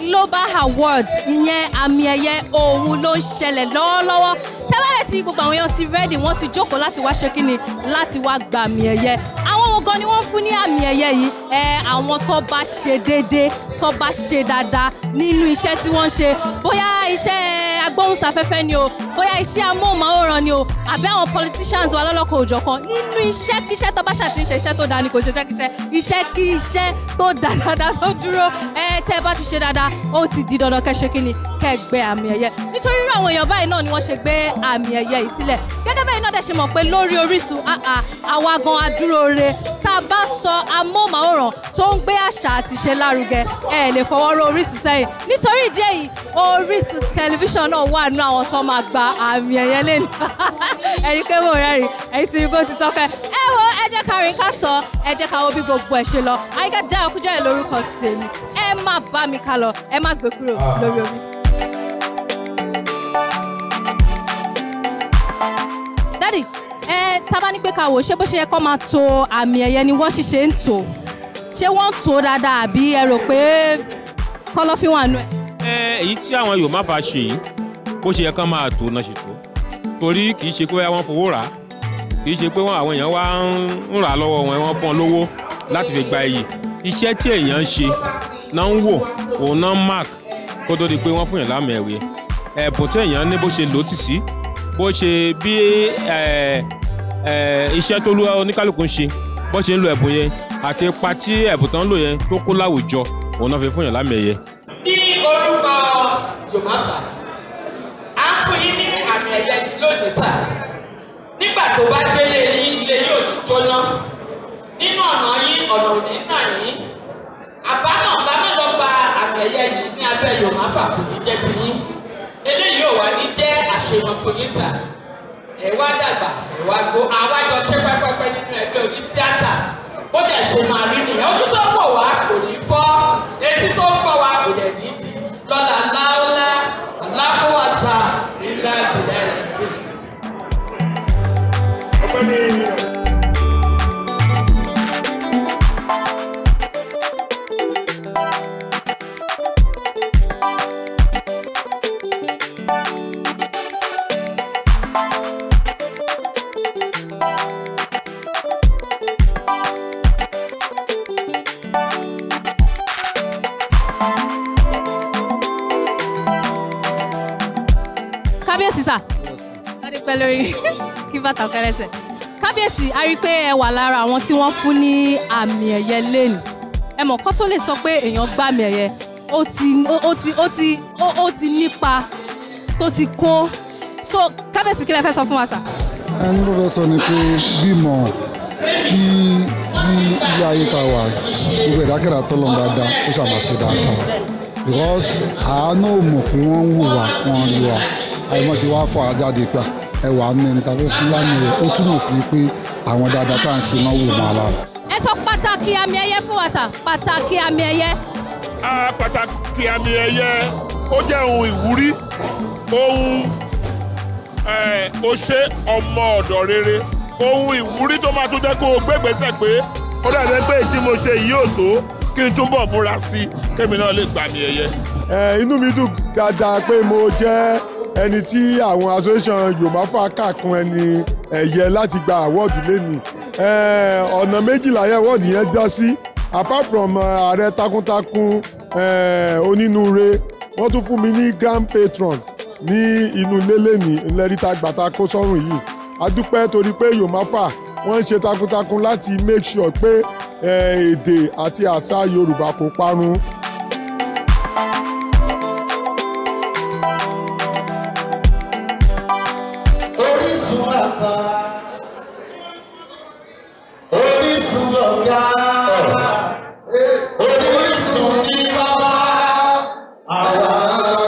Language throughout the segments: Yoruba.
global awards ìyẹn àmì ẹ̀yẹ òun ló ń ṣẹlẹ̀ lọ́wọ́lọ́wọ́ tẹ́wọ́lẹ̀ tí gbogbo àwọn èèyàn ti rẹ́dì wọ́n ti jókòó láti wá ṣe kí ni láti wá gba àmì ẹ̀yẹ àwọn gan ni wọ́n fún ní àmì ẹ̀yẹ yìí ẹ àwọn tó bá ṣe déédéé tó bá ṣe dáadáa nínú iṣẹ́ tí wọ́n ṣe bóyá iṣẹ́ agbóhùnsáfẹ́fẹ́ ni o bóyá iṣẹ́ amóhùnmáwòrán ni o àbí àwọn politicians wa lọ́lọ́kọ̀ òjọ̀kan nínú iṣẹ́ kíṣẹ́ tó bá ṣàtì ń ṣe iṣẹ́ tó dáa ni kò ṣe iṣẹ́ kíṣẹ́ iṣẹ́ kí iṣẹ́ tó dáa dáadáa tó dúró ẹ tẹ́ ẹ bá ti ṣe dáadáa ó ti di dandan kẹ́ ṣe kí ni kẹ́ gbé àmì ẹ̀yẹ nítorí irú àwọn èèyàn báyìí náà ni wọ́n ṣe gbé àmì ẹ̀yẹ yìí sílẹ̀ gẹ́gẹ́ bẹ́ẹ̀ náà dẹ̀ ṣe mọ̀ pé lórí Orísun àwa gan adúróore tá a bá sọ amóhùnmáwòrán tó ń gbé àṣà àti ìṣe lárugẹ ẹ lè fọwọ́ rọ Orísun sẹ́yìn nítorí ìdí èyí Orísun tẹlifíṣàn náà náà wà nínú àwọn tó máa gba àmì ẹ̀yẹ lẹ́nu ẹni pé mo rẹ́rìn ẹ̀yìn tí igbó ti tọ́kẹ́ ẹ wo ẹ jẹ́ ká rìn ká ẹ jẹ́ ká wo bí gbogbo ẹ̀ ṣe lọ Àyìnkẹ́ Dáre Kújẹ́rẹ́ lórúkọ tèmi ẹ má bá mi ká ẹ má gbé kúrò ah. lórí Orísun. dádì ẹ tábà ní pé ká wò ṣé bó ṣe yẹ kó máa to àmì ẹ̀yẹ ni wọ́n ṣiṣẹ́ ń tò ṣé wọ́n ń tò dáadáa àbí ẹ rò pé kọ́lọ́fín wà nù ẹ̀. ẹ èyí tí àwọn Yorùbá bá ṣe yìí bó ṣe yẹ kán máa tò náà ṣe tó torí kì í ṣe pé wọ́n fowó rà á kì í ṣe pé àwọn èèyàn wá ń rà lọ́wọ́ wọn wọ́n fún ọ lówó láti fi gba iyì iṣẹ́ tí èèyàn ń ṣe náà ń wò òun náà mark kó tó di pé wọ́n fún yàn lámì ẹ̀wé ẹ̀bùn tí èèyàn ní bó ṣe lò ó tì sí bó ṣe bí iṣẹ́ tó lú oníkálukú ń ṣe bó ṣe ń lo ẹ̀bùn yẹn àti ipa tí ẹ̀bùn tó ń lò yẹn tó kó láwùjọ òun náà fi fún yàn lámì ẹ̀yẹ. bí orúkọ Yorùbá sà yóò gbé sà nígbà tó bá délé yín ilé yóò ti jóná nínú ọ̀nà yín ọ̀nà òní náà yín àbá náà bá mi lọ gba àmì ẹ̀yẹ yìí ní abẹ́ Yorùbá fàkùnrin jẹ́ ti yín eléyìí ò wá ní jẹ́ àṣeyàn fún ẹ wá dàgbà ẹ wá gbó àwa jọ ṣe pẹ́pẹ́pẹ́ nínú ẹgbẹ́ oní tíátà ó dẹ̀ ṣe máa rí nìyẹn ojú pọ̀ wá kábíyèsí sà sáré pẹ́ lórí kí bàtà ọ̀kẹ́ lẹ́sẹ̀ kábíyèsí a rí i pé ẹ wà lára àwọn tí wọ́n fún ní àmì ẹ̀yẹ lẹ́nu ẹ mọ̀ kó tó lè sọ pé èèyàn gba àmì ẹ̀yẹ ó ti ó ti ó ti nípa tó ti kó so kábíyèsí kí lẹ fẹ́ sọ fún wa sà. ẹni mo fẹ́ sọ ni pé bímọ kí bí ilé ayé ta wà gbogbo ìdákẹ́rà tọ́lọ́mù dáadáa ó ṣàmàṣe dáadáa because àánú ò mọ̀ pé wọ́n ń wù wá wọ́n rí wa. àìmọ̀ ṣe wá fọ́ àjáde pa ẹwà ní ẹni tàbí fúlàní ẹ̀ ó túmọ̀ sí pé àwọn dáadáa tá à ń ṣe ẹ sọ pàtàkì àmì ẹyẹ fún wa pàtàkì àmì a pàtàkì àmì ẹyẹ ó jẹ́ ohun ìwúrí ohun òṣè ọmọ ọ̀dọ̀ rere ohun ìwúrí tó máa tún jẹ́ kó o gbégbèsè pé ó dàbí pé tí mo ṣe yìí ò tó kí n túbọ̀ múra sí i inú mi dùn dáadáa pé mo jẹ́ ẹni tí àwọn association yomafa kàkún ẹni ẹ̀yẹ láti gba àwọ́ọ̀dù lẹ́nìí eh, ọ̀nà méjìlá yẹn àwọ́ọ̀dù yẹn já sí apart from eh, ààrẹ takuntakun eh, onínúure wọ́n tún fún mi ní grand patron ní inú ilé lẹ́nìí ńlẹ́rìíta gbàtà kó sọ́rùn yìí adúpẹ́ torí pé yomafa wọ́n ń ṣe takuntakun láti make sure pé èdè àti àṣà yorùbá kò parun orísun lọ̀gá. Orísun ní bàbá. Àwa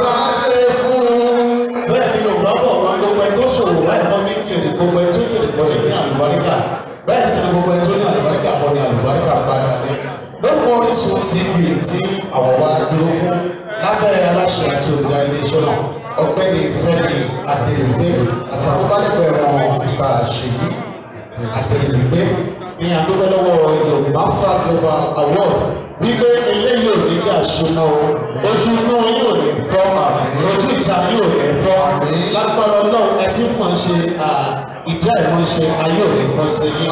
bá lé fún. Bẹ́ẹ̀ ni Yorùbá bọ̀ wá gbogbo ẹ tó ṣòwò láì fọ́ ní kiri gbogbo ẹ tó kiri kọ́ ní àlùbáríkà. Bẹ́ẹ̀ sì ni gbogbo ẹ tó ní àlùbáríkà kọ́ ní àlùbáríkà padà lé. Lóko orísun ti gbè tí àwọn wa dúró fún ní àdúgbò lọ́wọ́ Yorùbá Far Global Award wípé eléyìí ò ní yà ṣúná o ojú inú yóò ní fọ́ ojú ìta yóò ní fọ́ lágbára náà ẹ ti mọ̀ ṣe ìdá ìmọ̀ṣe ayé òní kan ṣe ní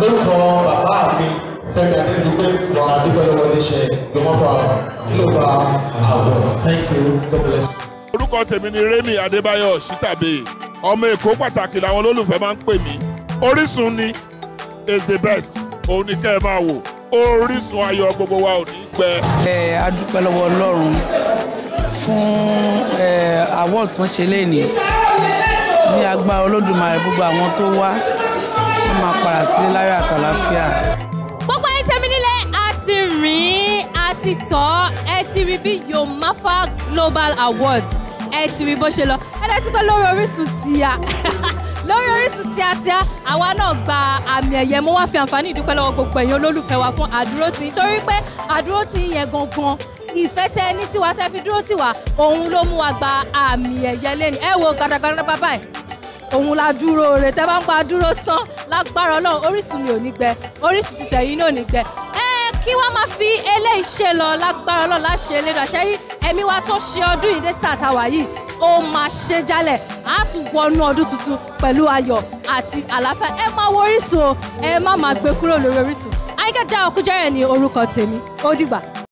lórúkọ bàbá mi Fẹ́mi Adédúgbé wọn àdúgbò lọ́wọ́ níṣẹ́ Global Far Global Award thank you God bless you. orúkọ tèmi ni Remi Adébáyọ̀ Sítàbí ọmọ Èkó pàtàkì làwọn olólùfẹ́ máa ń pè mí Orísun ni is the best òun ni kẹ́ ẹ máa wò orísun ayọ̀ gbogbo wa ò ní gbẹ. ẹ a lọ́wọ́ ọlọ́run fún award tó ń ṣe léèní ní agbára olódùmarè gbogbo àwọn tó wá wọ́n máa padà sílé láyọ̀ àtàlàáfíà. gbogbo ayé tẹ́mi nílẹ̀ a rìn a tọ́ ẹ ti rí bí yomafa global awards ẹ ti rí bó ṣe lọ ẹ dá sí pé lórí Orísun ti tíátíá àwa náà gba àmì ẹ̀yẹ mo wá fi àǹfààní ìdúpẹ́ lọ́wọ́ gbogbo ẹ̀yin olólùfẹ́ wa fún àdúrótì torí pé àdúrótì yẹn gangan ìfẹ́ tẹ ní sí wa tẹ fi dúró tì wá òun ló mú wa gba àmì ẹ̀yẹ lẹ́nu ẹ wo gàdàgàdà bàbá ẹ̀ òun la dúró rẹ̀ tẹ bá ń gba dúró tán lágbára ọlọ́run Orísun mi ò ní gbẹ Orísun ti tẹ̀yìn náà ò ní gbẹ ẹ kí wọ́n máa fi eléyìí ṣe lọ lágbára ọlọ́run láṣẹ lẹ́nu àṣẹ yìí ẹ̀mí wa tó ṣe ọdún yìí yìí ó máa ṣe jálẹ̀ á tún wọnú ọdún tuntun pẹ̀lú ayọ̀ àti àlàáfíà ẹ máa wo Orísun o ẹ má máa gbé kúrò lórí Orísun Ayinke Dayo Kujore ni orúkọ tèmi ó dìgbà.